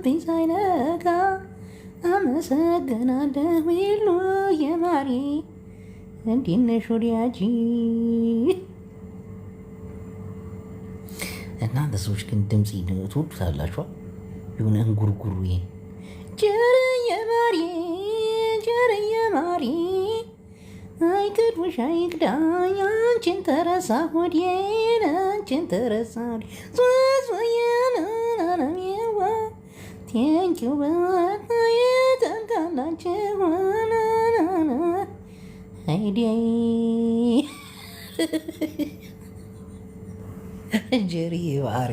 ልቤ ሳይነጋ አመሰግናለሁ ሉ የማሪ እናንተ ሰዎች ግን ድምፅ ትወዱታላችኋል። የሆነ እንጉርጉሩ ጀር የማሪ ጀር የማሪ አይክድሽ አይክዳኝ አንቺን ተረሳ ወዴን አንቺን ተረሳ ቴንኪው በጣላችሁ አይዲ ጀሪ ማሪ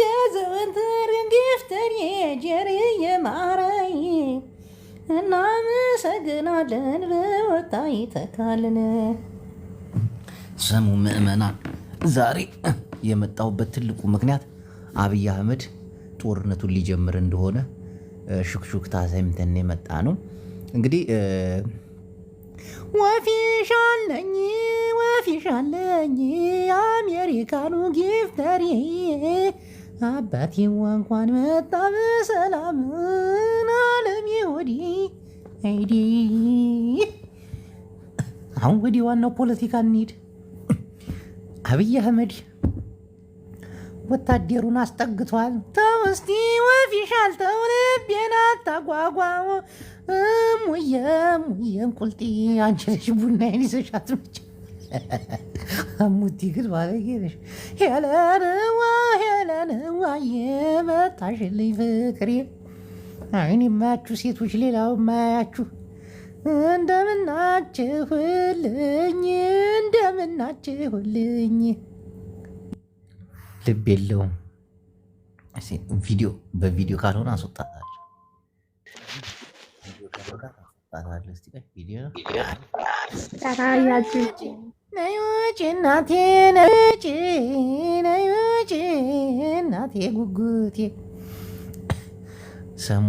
የዘወትር ግፍተር ጀሪ የማራይ እናመሰግናለን። በወጣ ይተካልን ስሙ ምዕመናን። ዛሬ የመጣሁበት ትልቁ ምክንያት አብይ አህመድ ጦርነቱን ሊጀምር እንደሆነ ሹክሹክታ ሰምተን የመጣ ነው። እንግዲህ ወፊሻለኝ ወፊሻለኝ አሜሪካኑ ጊፍተሪ አባቴዋ እንኳን መጣ በሰላም አለም ወዲ አይዲ አሁን ወዲህ ዋናው ፖለቲካ እንሂድ። አብይ አህመድ ወታደሩን አስጠግቷል። ተው እስቲ ወፊሻል ተው ልቤና አታጓጓው ሙየም ሙየም ቁልጢ አንቺ ነሽ ቡናዬን ይዘሻት መች አሙቲ ግን ባለጌ ነሽ። ሄለንዋ ሄለንዋ የመጣሽልኝ ፍቅሬ አይን የማያችሁ ሴቶች ሌላው የማያችሁ እንደምናችሁልኝ እንደምናችሁልኝ ልብ የለውም። ቪዲዮ በቪዲዮ ካልሆነ አስወጣታለሁ። እናቴ ነጭ ነጭ እናቴ ጉጉቴ ሰሙ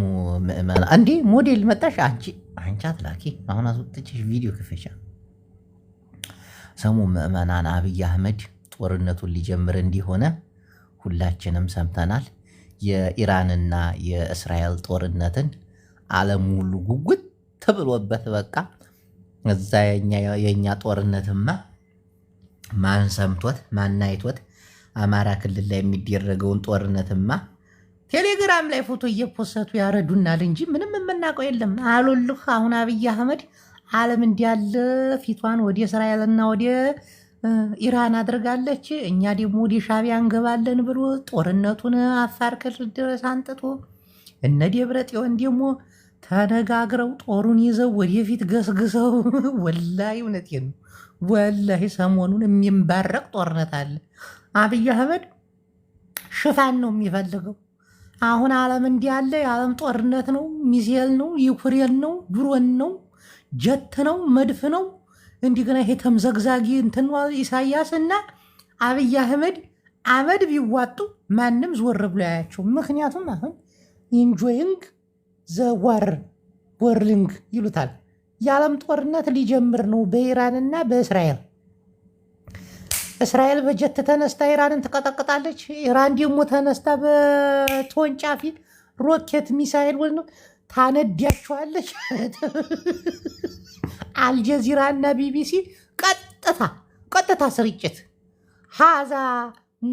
ምዕመና እንዴ ሞዴል መጣሽ አንቺ አንቻት አትላኪ አሁን አስወጥቼሽ ቪዲዮ ክፈሻ ሰሙ ምእመናን አብይ አህመድ ጦርነቱን ሊጀምር እንዲሆነ ሁላችንም ሰምተናል። የኢራንና የእስራኤል ጦርነትን ዓለም ሁሉ ጉጉት ተብሎበት በቃ እዛ የእኛ ጦርነትማ ማን ሰምቶት ማን አይቶት? አማራ ክልል ላይ የሚደረገውን ጦርነትማ ቴሌግራም ላይ ፎቶ እየፖሰቱ ያረዱናል እንጂ ምንም የምናውቀው የለም። አሉልህ አሁን አብይ አህመድ ዓለም እንዲያለ ፊቷን ወደ እስራኤልና ወደ ኢራን አድርጋለች፣ እኛ ደግሞ ወደ ሻቢያ እንገባለን ብሎ ጦርነቱን አፋር ክልል ድረስ አንጥቶ እነ ደብረ ጽዮን ደግሞ ተነጋግረው ጦሩን ይዘው ወደፊት ገስግሰው፣ ወላሂ እውነቴ ነው። ወላሂ ሰሞኑን የሚንባረቅ ጦርነት አለ። አብይ አህመድ ሽፋን ነው የሚፈልገው። አሁን ዓለም እንዲህ ያለ የዓለም ጦርነት ነው። ሚሳኤል ነው፣ ዩክሬን ነው፣ ድሮን ነው፣ ጀት ነው፣ መድፍ ነው እንዲገና ይሄ ተምዘግዛጊ እንትን እና አብይ አህመድ አመድ ቢዋጡ ማንም ዝወር ብሎ ያያቸው። ምክንያቱም አሁን ኢንጆይንግ ዘዋር ወርሊንግ ይሉታል። የዓለም ጦርነት ሊጀምር ነው በኢራንና በእስራኤል። እስራኤል በጀት ተነስታ ኢራንን ትቀጠቅጣለች። ኢራን ደግሞ ተነስታ በተወንጫፊ ሮኬት ሚሳይል ወ ታነዳቸዋለች። አልጀዚራ እና ቢቢሲ ቀጥታ ቀጥታ ስርጭት ሀዛ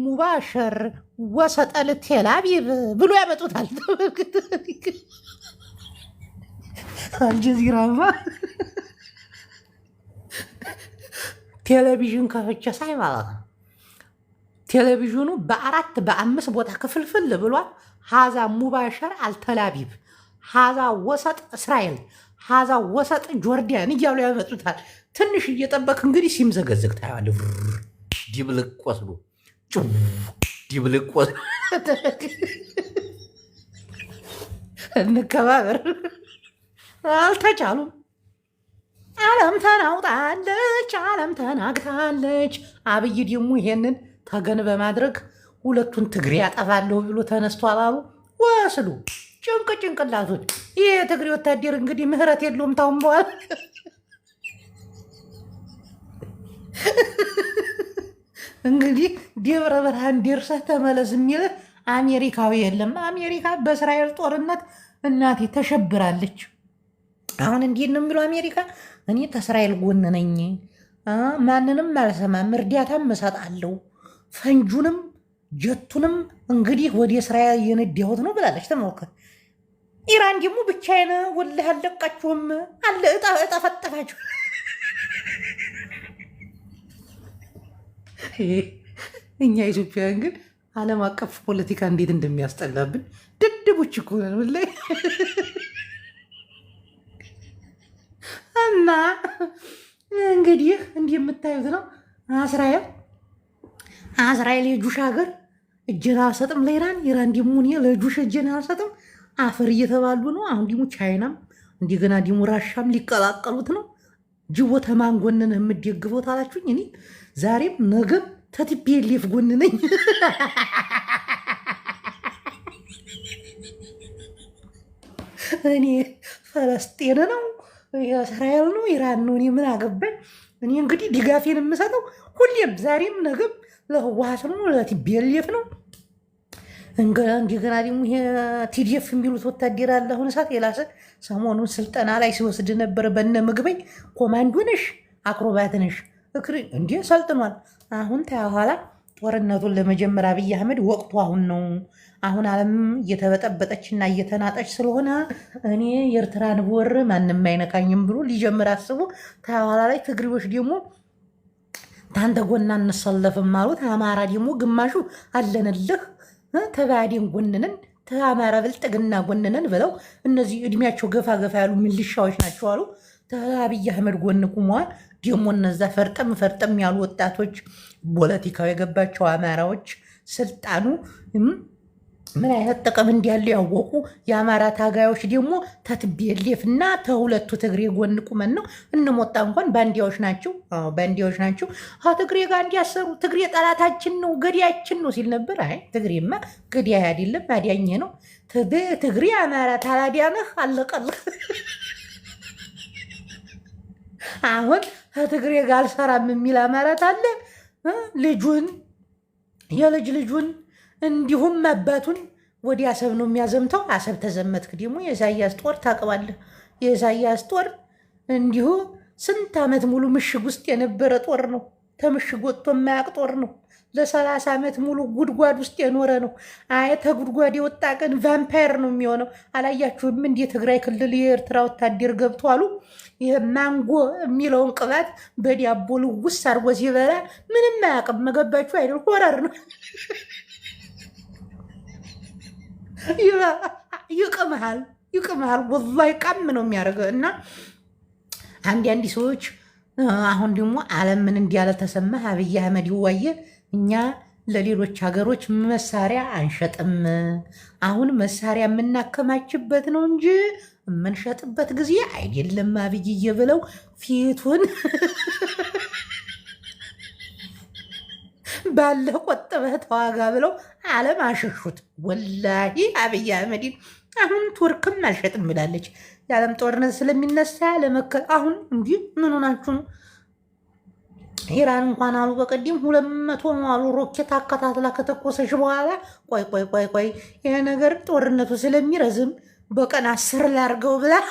ሙባሸር ወሰጠል ቴልአቪቭ ብሎ ያመጡታል። አልጀዚራማ ቴሌቪዥን ከፍቼ ሳይ ማለት ነው። ቴሌቪዥኑ በአራት በአምስት ቦታ ክፍልፍል ብሏል። ሀዛ ሙባሸር አልተላቢብ ሀዛ ወሰጥ እስራኤል ሀዛ ወሰጥ ጆርዲያን እያሉ ያመጡታል። ትንሽ እየጠበቅ እንግዲህ ሲምዘገዝግ ታየዋለህ። ዲብልቅ ቆስሎ ዲብልቅ እንከባበር አልተቻሉም። ዓለም ተናውጣለች፣ ዓለም ተናግታለች። አብይ ደግሞ ይሄንን ተገን በማድረግ ሁለቱን ትግሬ ያጠፋለሁ ብሎ ተነስቶ አላሉ ወስሉ ጭንቅ ጭንቅላቶች ይህ የትግሬ ወታደር እንግዲህ ምህረት የለውም። ታውም በኋላ እንግዲህ ደብረ ብርሃን ደርሰህ ተመለስ የሚል አሜሪካዊ የለም። አሜሪካ በእስራኤል ጦርነት እናቴ ተሸብራለች። አሁን እንዴት ነው የሚለው አሜሪካ እኔ ከእስራኤል ጎን ነኝ፣ ማንንም አልሰማም፣ እርዳታም እሰጣለሁ፣ ፈንጁንም ጀቱንም እንግዲህ ወደ እስራኤል የነዳሁት ነው ብላለች። ተመልከት ኢራን ደግሞ ብቻዬን ወልህ አለቃችሁም አለ እጠፈጠፋችሁ። እኛ ኢትዮጵያውያን ግን ዓለም አቀፍ ፖለቲካ እንዴት እንደሚያስጠላብን ድድቦች እኮ ነን ወላሂ። እና እንግዲህ እንዲህ የምታዩት ነው። አስራኤል አስራኤል የጁሽ ሀገር እጄን አልሰጥም ለኢራን፣ ኢራን ደግሞ እኔ ለጁሽ እጄን አልሰጥም አፈር እየተባሉ ነው። አሁን ዲሙ ቻይናም እንደገና ዲሙ ራሻም ሊቀላቀሉት ነው። ጅቦ ተማን ጎንነ የምደግፈው ታላችሁኝ? እኔ ዛሬም ነገም ተቲፒኤልኤፍ ጎን ነኝ። እኔ ፈለስጤን ነው እስራኤል ነው ኢራን ነው እኔ ምን አገባኝ። እኔ እንግዲህ ድጋፌን የምሰጠው ሁሌም ዛሬም ነገም ለህወሓት ነው፣ ለቲፒኤልኤፍ ነው። እንደገና ደግሞ ይሄ ቲዲኤፍ የሚሉት ወታደር አለ። አሁን ሰዓት የላሰ ሰሞኑን ስልጠና ላይ ሲወስድ ነበር። በነ ምግበኝ ኮማንዶ ነሽ፣ አክሮባት ነሽ እክሪ እንዲህ ሰልጥኗል። አሁን ተያኋላ ጦርነቱን ለመጀመር አብይ አህመድ ወቅቱ አሁን ነው። አሁን ዓለም እየተበጠበጠች እና እየተናጠች ስለሆነ እኔ የኤርትራን ወር ማንም አይነካኝም ብሎ ሊጀምር አስቡ። ተኋላ ላይ ትግሪዎች ደግሞ ታንተ ጎና እንሰለፍም አሉት። አማራ ደግሞ ግማሹ አለንልህ ተባዲን ጎንንን ተአማራ ብልጥግና ጎንንን ብለው እነዚህ እድሜያቸው ገፋ ገፋ ያሉ ምልሻዎች ናቸው አሉ። ተአብይ አህመድ ጎን ቁመዋል። ደግሞ እነዛ ፈርጠም ፈርጠም ያሉ ወጣቶች ፖለቲካው የገባቸው አማራዎች ስልጣኑ ምን አይነት ጥቅም እንዲያለው ያወቁ የአማራ ታጋዮች ደግሞ ተትቤሌፍ እና ተሁለቱ ትግሬ ጎን ቁመን ነው እንሞጣ። እንኳን ባንዲያዎች ናቸው፣ ባንዲያዎች ናቸው። ትግሬ ጋር እንዲያሰሩ ትግሬ ጠላታችን ነው ገዳያችን ነው ሲል ነበር። አይ ትግሬማ ገዳይ አይደለም አዳኝ ነው። ትግሬ አማራ ታላዲያነህ አለቀልህ። አሁን ከትግሬ ጋር አልሰራም የሚል አማራት አለ ልጁን የልጅ ልጁን እንዲሁም አባቱን ወደ አሰብ ነው የሚያዘምተው። አሰብ ተዘመትክ ደግሞ የኢሳያስ ጦር ታቅባለህ። የኢሳያስ ጦር እንዲሁ ስንት ዓመት ሙሉ ምሽግ ውስጥ የነበረ ጦር ነው። ተምሽግ ወጥቶ የማያቅ ጦር ነው። ለሰላሳ ዓመት ሙሉ ጉድጓድ ውስጥ የኖረ ነው። አየ ተጉድጓድ የወጣ ቀን ቫምፓየር ነው የሚሆነው። አላያችሁም? እንዲ የትግራይ ክልል የኤርትራ ወታደር ገብቶ አሉ ማንጎ የሚለውን ቅባት በዲያቦ ልውስ አድርጎ ሲበላ ምንም አያውቅም። መገባችሁ አይደል? ሆረር ነው ይቅምሃል ይቅምሃል ወላሂ ቀም ነው የሚያደርገው። እና አንድ አንድ ሰዎች አሁን ደግሞ አለም ምን እንዲያለ ተሰማህ? አብይ አህመድ ይዋየ እኛ ለሌሎች ሀገሮች መሳሪያ አንሸጥም፣ አሁን መሳሪያ የምናከማችበት ነው እንጂ የምንሸጥበት ጊዜ አይደለም አብይዬ ብለው ፊቱን ባለ ቆጥበህ ተዋጋ ብለው አለም አሸሹት። ወላሂ አብይ አህመድን አሁን ቱርክም አልሸጥም ብላለች። የዓለም ጦርነት ስለሚነሳ ለመከ አሁን እንዲ ምኑ ናችሁ ነው? ኢራን እንኳን አሉ በቀዲም ሁለት መቶ አሉ ሮኬት አከታትላ ከተኮሰች በኋላ ቆይ ቆይ ቆይ ቆይ ይሄ ነገር ጦርነቱ ስለሚረዝም በቀን አስር ላርገው ብላ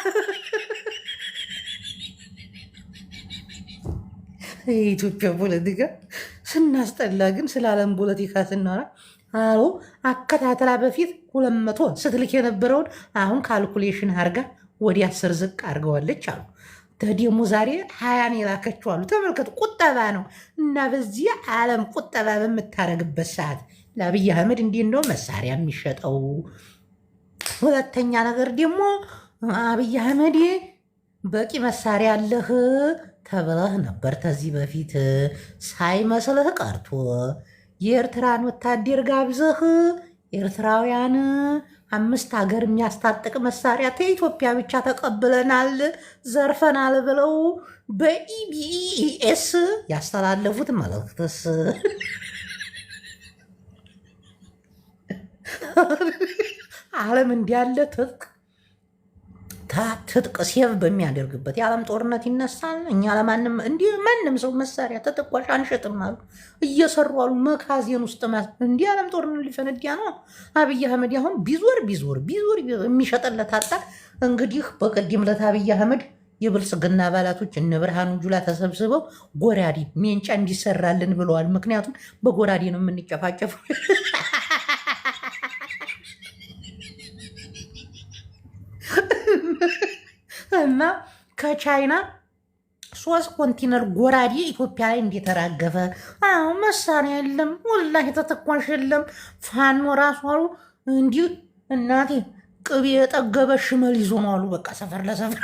የኢትዮጵያ ፖለቲካ ስናስጠላ ግን ስለ ዓለም ፖለቲካ ስናወራ አሮ አከታተላ በፊት ሁለት መቶ ስትልክ የነበረውን አሁን ካልኩሌሽን አርጋ ወደ አስር ዝቅ አድርገዋለች አሉ። ደግሞ ዛሬ ሀያን የላከችው አሉ። ተመልከቱ፣ ቁጠባ ነው እና በዚህ ዓለም ቁጠባ በምታረግበት ሰዓት ለአብይ አህመድ እንዴት ነው መሳሪያ የሚሸጠው? ሁለተኛ ነገር ደግሞ አብይ አህመድ በቂ መሳሪያ አለህ ተብለህ ነበር ከዚህ በፊት ሳይመስልህ ቀርቶ የኤርትራን ወታደር ጋብዘህ ኤርትራውያን አምስት ሀገር የሚያስታጥቅ መሳሪያ ከኢትዮጵያ ብቻ ተቀብለናል ዘርፈናል ብለው በኢቢኤስ ያስተላለፉት መልእክትስ ዓለም እንዲያለ ትጥቅ ትጥቅ ሴቭ በሚያደርግበት የዓለም ጦርነት ይነሳል። እኛ ለማንም እንዲህ ማንም ሰው መሳሪያ ተተኳሽ አንሸጥም አሉ። እየሰሩ አሉ መካዜን ውስጥ እንዲህ የዓለም ጦርነት ሊፈነዲያ ነው። አብይ አህመድ አሁን ቢዞር ቢዞር ቢዞር የሚሸጥለት አጣ። እንግዲህ በቅድም ለት አብይ አህመድ የብልጽግና አባላቶች እነ ብርሃኑ ጁላ ተሰብስበው ጎራዴ ሜንጫ እንዲሰራልን ብለዋል። ምክንያቱም በጎራዴ ነው የምንጨፋጨፈው እና ከቻይና ሶስት ኮንቲነር ጎራዴ ኢትዮጵያ ላይ እንደተራገፈ። አዎ መሳሪያ የለም ወላሂ የተተኳሽ የለም። ፋኖ ራሱ አሉ እንዲህ እናቴ ቅቤ የጠገበ ሽመል ይዞ ነው አሉ። በቃ ሰፈር ለሰፈር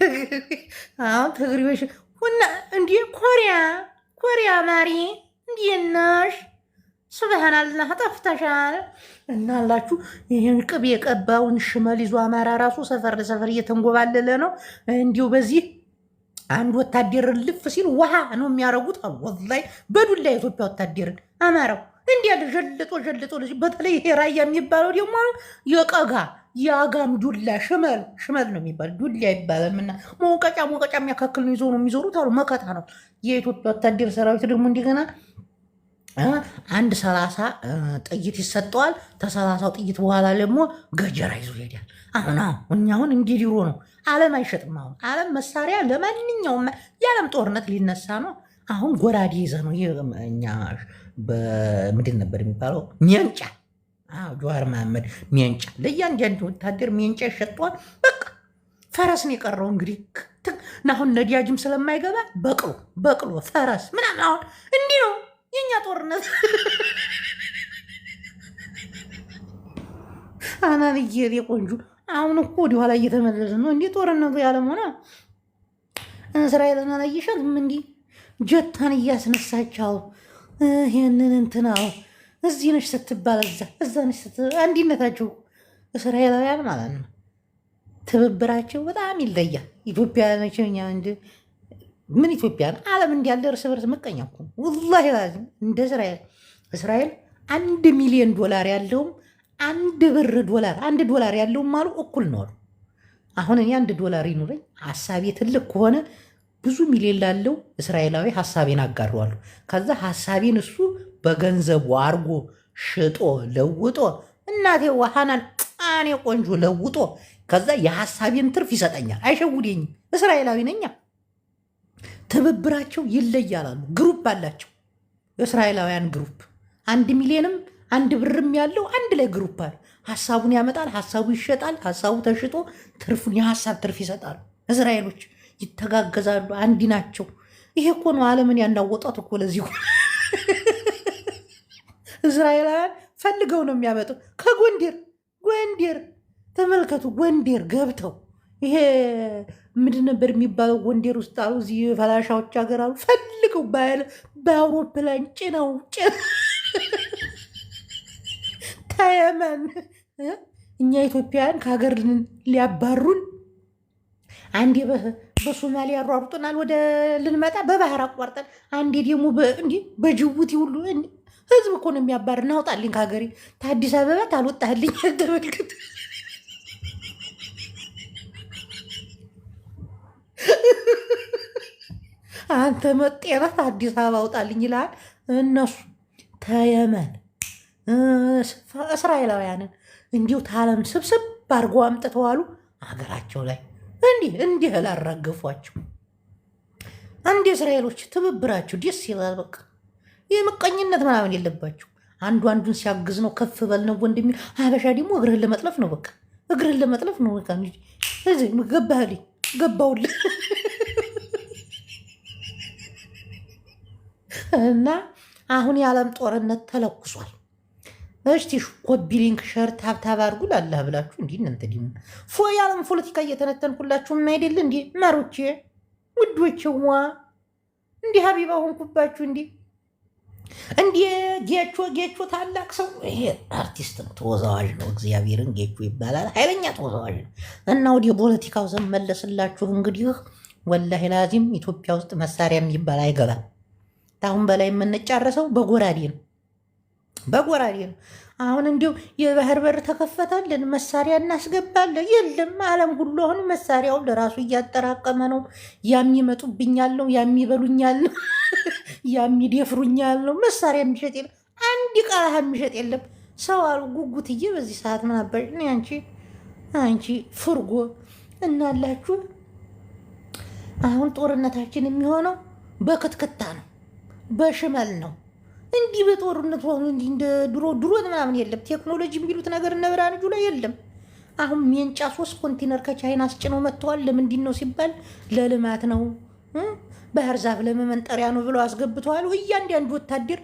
አሁን ትግሪዎች ሁና እንዲህ ኮሪያ ኮሪያ ማሪ እንዲናሽ ስብሃናላህ ጠፍተሻል እናላችሁ። ይህን ቅቤ የቀባውን ሽመል ይዞ አማራ ራሱ ሰፈር ለሰፈር እየተንጎባለለ ነው። እንዲሁ በዚህ አንድ ወታደር ልፍ ሲል ውሃ ነው የሚያረጉት። ወላሂ በዱላ የኢትዮጵያ ወታደርን አማራው እንዲያ ጀልጦ ጀልጦ፣ በተለይ ይሄ ራያ የሚባለው ደግሞ የቀጋ የአጋም ዱላ ሽመል ሽመል ነው የሚባል ዱላ ይባላል። መውቀጫ መውቀጫ የሚያካክል ነው ይዞ ነው የሚዞሩት አሉ። መከታ ነው የኢትዮጵያ ወታደር ሰራዊት ደግሞ እንደገና አንድ ሰላሳ ጥይት ይሰጠዋል። ተሰላሳው ጥይት በኋላ ደግሞ ገጀራ ይዞ ይሄዳል። አሁን አሁን እኛ አሁን እንዲህ ነው። ዓለም አይሸጥም። አሁን ዓለም መሳሪያ ለማንኛውም የዓለም ጦርነት ሊነሳ ነው። አሁን ጎራዴ ይዘ ነው እኛ ምንድን ነበር የሚባለው? ሜንጫ ጀዋር መሐመድ ሜንጫ፣ ለእያንዳንድ ወታደር ሜንጫ ይሸጠዋል። በቃ ፈረስን የቀረው እንግዲህ አሁን ነዲያጅም ስለማይገባ በቅሎ በቅሎ ፈረስ ምናምን አሁን እንዲህ ነው። የኛ ጦርነት አናንዬ እኔ ቆንጆ አሁን እኮ ወደ ኋላ እየተመለስን ነው። እንዲህ ጦርነቱ ያለመሆነ እስራኤልን አላየሻትም? እንዲህ ጀታን እያስነሳቻው ይህንን እንትናው እዚህ ነች ስትባል እዛ እዛ ነች ስትባል አንድነታቸው እስራኤላውያን ማለት ነው ትብብራቸው በጣም ይለያል። ኢትዮጵያ መቼኛ እንዲ ምን ኢትዮጵያ ኢትዮጵያን ዓለም እንዲያለ እርስ በርስ መቀኛ እኮ ወላሂ እንደ እስራኤል እስራኤል አንድ ሚሊዮን ዶላር ያለውም አንድ ብር ዶላር አንድ ዶላር ያለውም አሉ እኩል ነው አሁን እኔ አንድ ዶላር ይኑረኝ ሀሳቤ ትልቅ ከሆነ ብዙ ሚሊዮን ላለው እስራኤላዊ ሀሳቤን አጋረዋለሁ። ከዛ ሀሳቤን እሱ በገንዘቡ አርጎ ሽጦ ለውጦ እናቴ ዋሃናል ጣኔ ቆንጆ ለውጦ ከዛ የሀሳቤን ትርፍ ይሰጠኛል። አይሸውደኝም። እስራኤላዊ ነኛ ትብብራቸው ይለያላሉ። ግሩፕ አላቸው። የእስራኤላውያን ግሩፕ አንድ ሚሊዮንም አንድ ብርም ያለው አንድ ላይ ግሩፕ አለ። ሀሳቡን ያመጣል፣ ሀሳቡ ይሸጣል፣ ሀሳቡ ተሽጦ ትርፉን የሀሳብ ትርፍ ይሰጣሉ። እስራኤሎች ይተጋገዛሉ፣ አንዲ ናቸው። ይሄ እኮ ነው ዓለምን ያናወጣት እኮ ለዚህ እስራኤላውያን ፈልገው ነው የሚያመጡት። ከጎንዴር ጎንዴር ተመልከቱ፣ ጎንዴር ገብተው ይሄ ምንድን ነበር የሚባለው? ወንዴር ውስጥ አሉ፣ እዚህ ፈላሻዎች ሀገር አሉ። ፈልገው በአውሮፕላን ጭነው ተየመን እኛ ኢትዮጵያውያን ከሀገር ሊያባሩን አንዴ በሶማሊያ ያሯሩጡናል፣ ወደ ልንመጣ በባህር አቋርጠን፣ አንዴ ደግሞ እንዲ በጅቡቲ ሁሉ ህዝብ እኮ ነው የሚያባር። እናውጣልኝ ከሀገሬ፣ ታዲስ አበባ ታልወጣልኝ ተመልክት አንተ መጤረት አዲስ አበባ አውጣልኝ ይላል። እነሱ ተየመን እስራኤላውያንን እንዲሁ ታለም ስብስብ አድርጎ አምጥተዋሉ ሀገራቸው ላይ እንዲህ እንዲህ ላረገፏቸው አንድ እስራኤሎች ትብብራቸው ደስ ይላል። በቃ የምቀኝነት ምናምን የለባቸው። አንዱ አንዱን ሲያግዝ ነው ከፍ በል ነው ወንድሚ። ሀበሻ ደግሞ እግርህን ለመጥለፍ ነው በቃ እግርህን ለመጥለፍ ነው በቃ ገባህልኝ ገባውልህ እና አሁን የዓለም ጦርነት ተለኩሷል። እሽቲ ኮፒ ሊንክ ሸርት ታብታብ አድርጉ ላለ ብላችሁ እንዲ እንትን ፎ የዓለም ፖለቲካ እየተነተንኩላችሁ የማይደል እንዲ መሮቼ ውዶችዋ እንዲ ሀቢባ ሆንኩባችሁ እንዲ እንዲ ጌቾ ጌቾ ታላቅ ሰው ይሄ አርቲስት ነው፣ ተወዛዋዥ ነው። እግዚአብሔርን ጌቾ ይባላል። ኃይለኛ ተወዛዋዥ ነው። እና ወደ ፖለቲካው ዘመለስላችሁ እንግዲህ ወላሂ ላዚም ኢትዮጵያ ውስጥ መሳሪያ የሚባል አይገባም። ታሁን በላይ የምንጫረሰው በጎራዴ ነው፣ በጎራዴ ነው። አሁን እንዲሁ የባህር በር ተከፈታልን መሳሪያ እናስገባለን። የለም ዓለም ሁሉ አሁን መሳሪያውን ለራሱ እያጠራቀመ ነው። ያም ይመጡብኛል ነው፣ ያም ነው፣ ነው። መሳሪያ የሚሸጥ የለም፣ አንድ ቃህ የሚሸጥ የለም። ሰው አሉ ጉጉትዬ በዚህ ሰዓት ምን አባጭ አንቺ አንቺ ፍርጎ እናላችሁ አሁን ጦርነታችን የሚሆነው በክትክታ ነው። በሽመል ነው እንዲህ በጦርነት ሆኑ እንዲህ እንደ ድሮ ድሮ ምናምን የለም። ቴክኖሎጂ የሚሉት ነገር እነ ብርሃን እጁ ላይ የለም። አሁን ሜንጫ ሶስት ኮንቴነር ከቻይና አስጭነው መጥተዋል። ለምንድን ነው ሲባል ለልማት ነው፣ ባህር ዛፍ ለመመንጠሪያ ነው ብለው አስገብተዋል። እያንዳንዱ ወታደር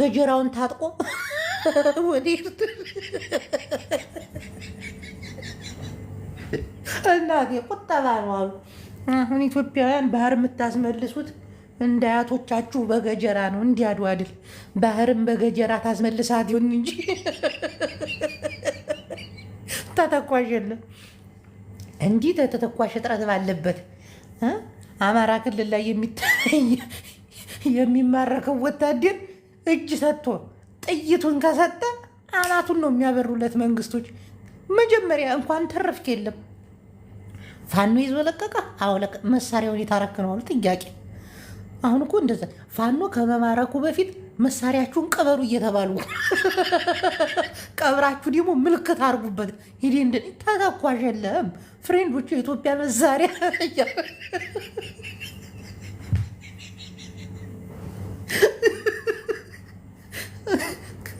ገጀራውን ታጥቆ ወደ እናቴ ቁጠባ ነው አሉ። አሁን ኢትዮጵያውያን ባህር የምታስመልሱት እንደ አያቶቻችሁ በገጀራ ነው እንዲያዱ አድል ባህርን በገጀራ ታስመልሳት ይሁን እንጂ ተተኳሽ የለም። እንዲህ ተተኳሽ እጥረት ባለበት አማራ ክልል ላይ የሚማረከው ወታደር እጅ ሰጥቶ ጥይቱን ከሰጠ አናቱን ነው የሚያበሩለት መንግስቶች። መጀመሪያ እንኳን ተረፍክ የለም ፋኖ ይዞ ለቀቀ። አዎ መሳሪያውን የታረክ ነው ጥያቄ አሁን እኮ እንደዚ ፋኖ ከመማረኩ በፊት መሳሪያችሁን ቀበሩ እየተባሉ ቀብራችሁ ደግሞ ምልክት አድርጉበት። ሂዴ እንደ ተተኳሽ የለም ፍሬንዶቹ የኢትዮጵያ መሳሪያ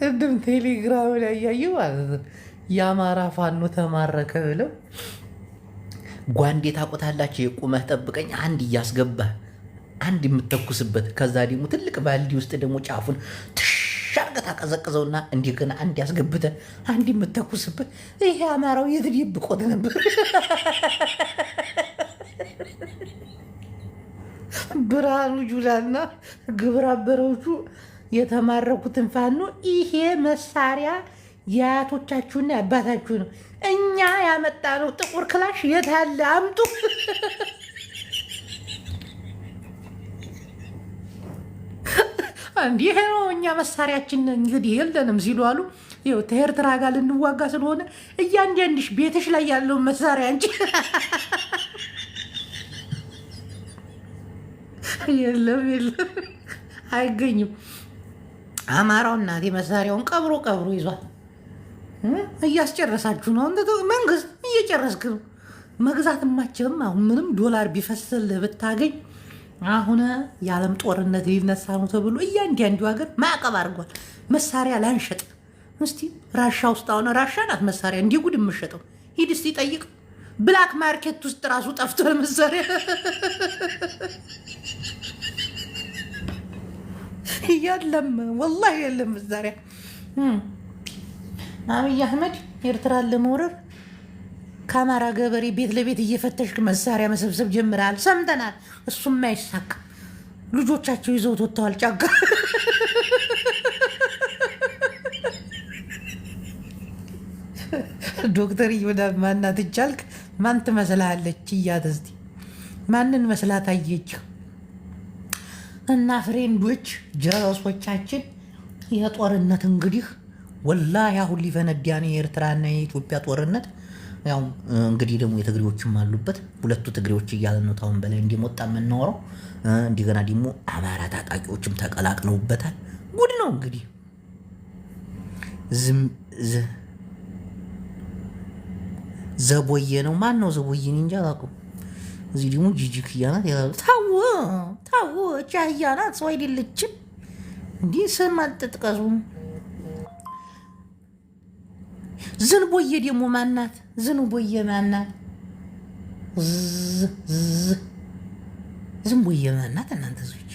ቅድም ቴሌግራም ላይ ያየው ማለት ነው። የአማራ ፋኖ ተማረከ ብለው ጓንዴ ታቆታላቸው የቁመህ ጠብቀኝ አንድ እያስገባህ አንድ የምተኩስበት ከዛ ደግሞ ትልቅ ባልዲ ውስጥ ደግሞ ጫፉን ትሽ ታቀዘቅዘውና እንደገና አንድ ያስገብተ አንድ የምተኩስበት። ይሄ አማራው የት ደብቆት ነበር? ብርሃኑ ጁላና ግብረ አበሮቹ የተማረኩትን ፋኖ ይሄ መሳሪያ የአያቶቻችሁና የአባታችሁ ነው። እኛ ያመጣነው ጥቁር ክላሽ የት አለ? አምጡ እንዲህ ነው እኛ መሳሪያችን እንግዲህ የለንም ሲሉ አሉ። ይኸው ከኤርትራ ጋር ልንዋጋ ስለሆነ እያንዳንድሽ ቤትሽ ላይ ያለውን መሳሪያ እንጂ የለም የለም አይገኝም። አማራው እናቴ መሳሪያውን ቀብሮ ቀብሮ ይዟል። እያስጨረሳችሁ ነው መንግስት፣ እየጨረስክ ነው መግዛት ማቸውም። አሁን ምንም ዶላር ቢፈስልህ ብታገኝ አሁን የዓለም ጦርነት ሊነሳ ነው ተብሎ እያንዳንዱ ሀገር ማዕቀብ አድርጓል። መሳሪያ ላንሸጥ እስቲ ራሻ ውስጥ አሁን ራሻ ናት መሳሪያ እንዲህ ጉድ የምሸጠው ሂድ እስቲ ጠይቅ። ብላክ ማርኬት ውስጥ ራሱ ጠፍቷል መሳሪያ የለም ወላሂ የለም መሳሪያ አብይ አህመድ ኤርትራን ለመውረር ከአማራ ገበሬ ቤት ለቤት እየፈተሽክ መሳሪያ መሰብሰብ ጀምረሃል። ሰምተናል። እሱም አይሳካ። ልጆቻቸው ይዘውት ወጥተዋል። ጫጋ ዶክተር ይሁዳ ማናት ቻልክ? ማን ትመስላለች? እያተስቲ ማንን መስላት አየች? እና ፍሬንዶች ጀረሶቻችን የጦርነት እንግዲህ ወላ ያሁን ሊፈነዳ ነው የኤርትራና የኢትዮጵያ ጦርነት። ያው እንግዲህ ደግሞ የትግሬዎችም አሉበት። ሁለቱ ትግሬዎች እያለ ነው ታሁን በላይ እንዲሞጣ የምናወራው። እንደገና ደግሞ አማራ ታጣቂዎችም ተቀላቅለውበታል። ጉድ ነው እንግዲህ ዘቦዬ ነው። ማን ነው ዘቦዬን? እንጃ አላውቅም። እዚህ ደግሞ ጂጂ ክያናት ይላሉ። ታወ ታወ ቻያ ናት፣ ሰው አይደለችም። እንዲህ ስም አልጠጥቀሱም ዝንቦዬ ደግሞ ማናት? ዝንቦዬ ማናት? ዝንቦዬ ማናት? እናንተ ዞች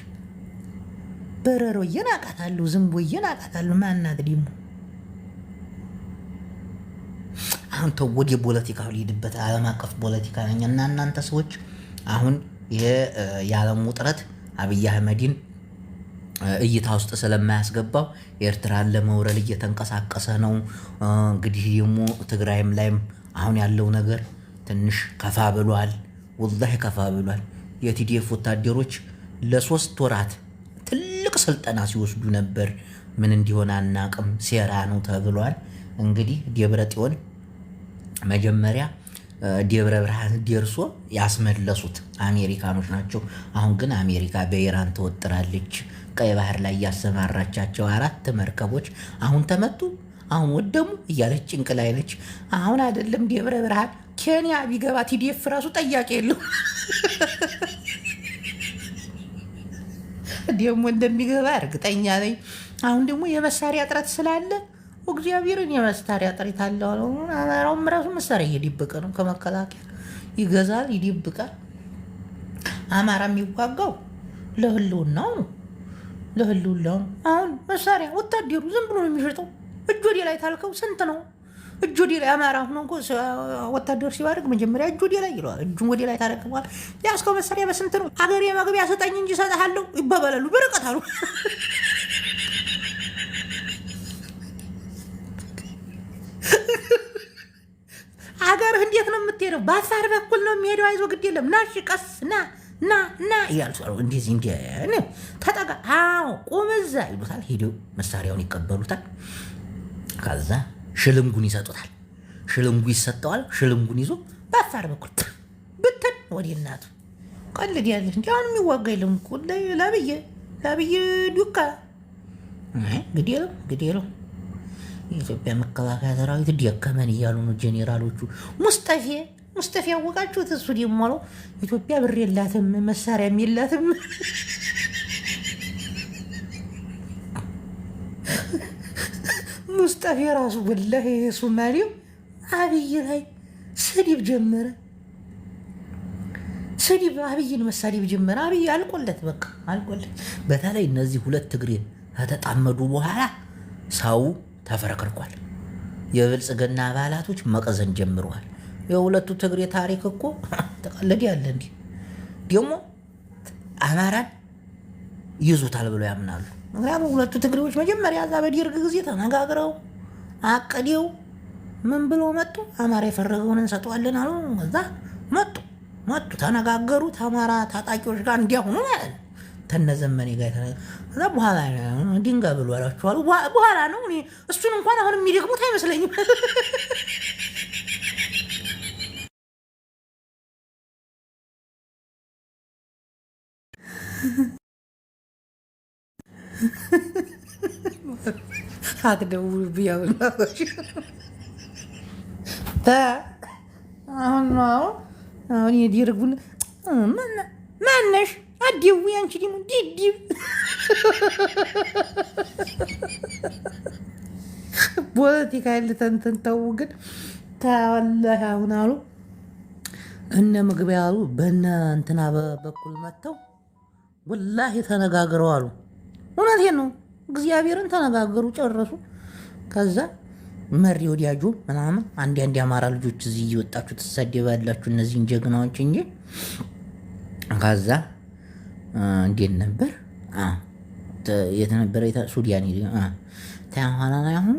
በረሮዬን አውቃታለሁ፣ ዝንቦዬን አውቃታለሁ። ማናት ደግሞ አሁን ተው፣ ወደ ፖለቲካ ልሂድበት። ዓለም አቀፍ ፖለቲካ ነኝ እና እናንተ ሰዎች አሁን የዓለሙ ውጥረት አብይ አህመድን እይታ ውስጥ ስለማያስገባው ኤርትራን ለመውረል እየተንቀሳቀሰ ነው። እንግዲህ ደግሞ ትግራይም ላይም አሁን ያለው ነገር ትንሽ ከፋ ብሏል። ወላሂ ከፋ ብሏል። የቲዲኤፍ ወታደሮች ለሶስት ወራት ትልቅ ስልጠና ሲወስዱ ነበር። ምን እንዲሆን አናቅም፣ ሴራ ነው ተብሏል። እንግዲህ ደብረ ጽዮን መጀመሪያ ደብረ ብርሃን ደርሶ ያስመለሱት አሜሪካኖች ናቸው። አሁን ግን አሜሪካ በኢራን ተወጥራለች። ቀይ ባህር ላይ ያሰማራቻቸው አራት መርከቦች አሁን ተመቱ፣ አሁን ወደሙ እያለች ጭንቅ ላይ ነች። አሁን አይደለም ደብረ ብርሃን ኬንያ ቢገባ ቲዲኤፍ ራሱ ጠያቄ የለው ደግሞ እንደሚገባ እርግጠኛ ነኝ። አሁን ደግሞ የመሳሪያ እጥረት ስላለ እግዚአብሔርን የመሳሪያ ጥሪት አለው አማራውም ራሱ መሳሪያ እየደበቀ ነው ከመከላከያ ይገዛል፣ ይደብቃል። አማራ የሚዋጋው ለህልውናው ነው፣ ለህልውናው ነው። አሁን መሳሪያ ወታደሩ ዝም ብሎ ነው የሚሸጠው። እጅ ወደ ላይ ታልከው ስንት ነው? እጅ ወደ ላይ አማራ ሆኖ እኮ ወታደር ሲባርግ መጀመሪያ እጅ ወደ ላይ ይለዋል። እጁን ወደ ላይ ታረቅበዋል። ያስከው መሳሪያ በስንት ነው? አገር መግቢያ ሰጠኝ እንጂ ሰጠሃለሁ ይባባላሉ። በርቀት አሉ ነው በአፋር በኩል ነው የሚሄደው። አይዞ ግድ የለም ናሽ ቀስ ና ና ና እያሉ ሰሩ እንዲህ እንዲ ተጠጋ። አዎ ቁም እዛ ይሉታል። ሄደው መሳሪያውን ይቀበሉታል። ከዛ ሽልንጉን ይሰጡታል። ሽልንጉ ይሰጠዋል። ሽልንጉን ይዞ በአፋር በኩል ብትን ወደ እናቱ ቀልድ ያለ እንዲ አሁን የሚዋጋ የለም እኮ ላብዬ ላብዬ ዱካ ግድ የለው ግድ የለው የኢትዮጵያ መከላከያ ሰራዊት ደከመን እያሉ ነው ጄኔራሎቹ ሙስጠፌ ሙስጠፊ ያወቃችሁት እሱ ደግሞ ኢትዮጵያ ብር የላትም መሳሪያም የላትም። ሙስጠፊ ራሱ ወላሂ ሶማሌው አብይ ላይ ስድብ ጀመረ። ስድብ አብይን መሳደብ ጀመረ። አብይ አልቆለት በቃ አልቆለት። በተለይ እነዚህ ሁለት ትግሬን ከተጣመዱ በኋላ ሰው ተፈረክርኳል። የብልጽግና አባላቶች መቀዘን ጀምረዋል። የሁለቱ ትግሬ ታሪክ እኮ ተቀለድ ያለ እንዲ ደግሞ አማራን ይዙታል ብሎ ያምናሉ። ምክንያቱም ሁለቱ ትግሬዎች መጀመሪያ እዛ በደርግ ጊዜ ተነጋግረው አቅዴው ምን ብለው መጡ? አማራ የፈረገውን እንሰጠዋለን አሉ። እዛ መጡ መጡ ተነጋገሩ። አማራ ታጣቂዎች ጋር እንዲያሁኑ ያለ ተነዘመኔ ጋር ከዛ በኋላ ድንጋ ብሎ በኋላ ነው እሱን እንኳን አሁን የሚደግሙት አይመስለኝም። አትደውሉብኝ። አሁን አሁን የዲርጉን ማነሽ አዴዊ አንቺ ደግሞ ዲዲብ ፖለቲካ ልተንትን ተው ግን ታዋላህ አሁን አሉ እነ ምግብ ያሉ በእነ እንትና በኩል መጥተው ወላሂ ተነጋግረው አሉ። እውነቴን ነው። እግዚአብሔርን ተነጋገሩ፣ ጨረሱ። ከዛ መሪ ወዲያጁ ምናምን አንድ አንድ የአማራ ልጆች እዚህ እየወጣችሁ ትሳደባላችሁ እነዚህን ጀግናዎች እንጂ ከዛ እንዴት ነበር የተነበረ ሱዲያን ተያኋላ ላይ አሁን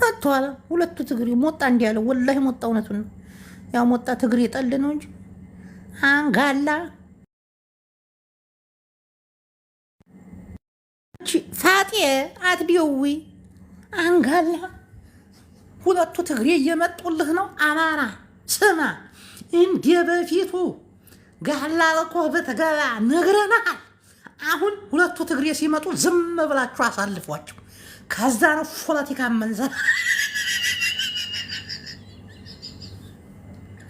መጥተኋላ ሁለቱ ትግሬ ሞጣ እንዲ ያለ ወላሂ ሞጣ እውነቱን ነው። ያው ሞጣ ትግሬ ጠል ነው እንጂ አንጋላ ላጤ አትደዊ አንጋላ ሁለቱ ትግሬ እየመጡልህ ነው። አማራ ስማ፣ እንደ በፊቱ ጋላ ለኮ ብትገባ ነግረናል። አሁን ሁለቱ ትግሬ ሲመጡ ዝም ብላችሁ አሳልፏቸው። ከዛ ነው ፖለቲካ መንዘር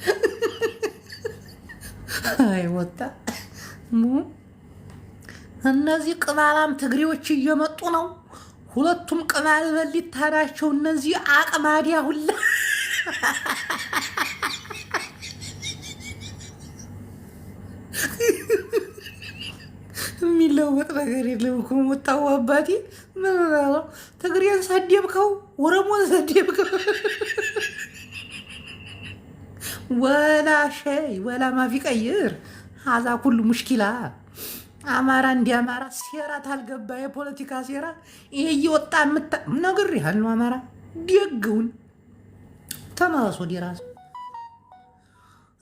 አይወጣ እነዚህ ቅማላም ትግሬዎች እየመጡ ነው። ሁለቱም ቅማል በሊት ታዳቸው እነዚህ አቅማዲያ ሁላ የሚለወጥ ነገር የለም እኮ ወጣው አባቴ። ምን ትግሬን ሰደብከው፣ ወረሞን ሰደብከው። ወላ ሸይ ወላ ማፊ ቀይር ሀዛ ኩሉ ሙሽኪላ አማራ እንዲያማራ ሴራ ታልገባ የፖለቲካ ሴራ ይሄ እየወጣ ነገር ያህል ነው። አማራ ደግውን ተመለስ ወደ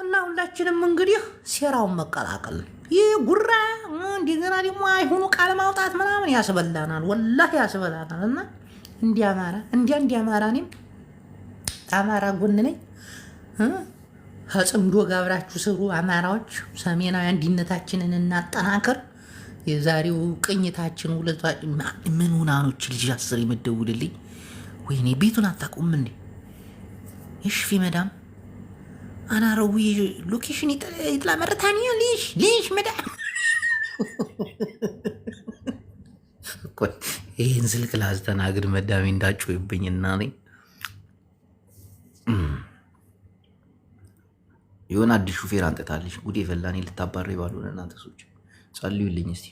እና ሁላችንም እንግዲህ ሴራውን መቀላቀል ይህ ጉራ እንደገና ደግሞ አይሆኑ ቃል ማውጣት ምናምን ያስበላናል፣ ወላሂ ያስበላናል። እና እንዲያማራ እንዲያ እንዲ አማራ እኔም አማራ ጎን ነኝ። ከጽምዶ ጋብራችሁ ስሩ አማራዎች። ሰሜናዊ አንድነታችንን እናጠናክር። የዛሬው ቅኝታችን ምን ሁናኖች ልጅ አስር የምትደውልልኝ? ወይኔ ቤቱን አታውቁም እንዴ? እሽ መዳም አናረዊ ሎኬሽን ይጥላ መረታንያ ልሽ ልሽ መዳም ይህን ስልክ ላስተናግድ መዳሜ እንዳጮይብኝ እና የሆነ አዲስ ሹፌር አንጥታለች። ጉዴ ፈላኔ ልታባረ ባልሆነ እናንተ ሰዎች ጸልዩልኝ እስቲ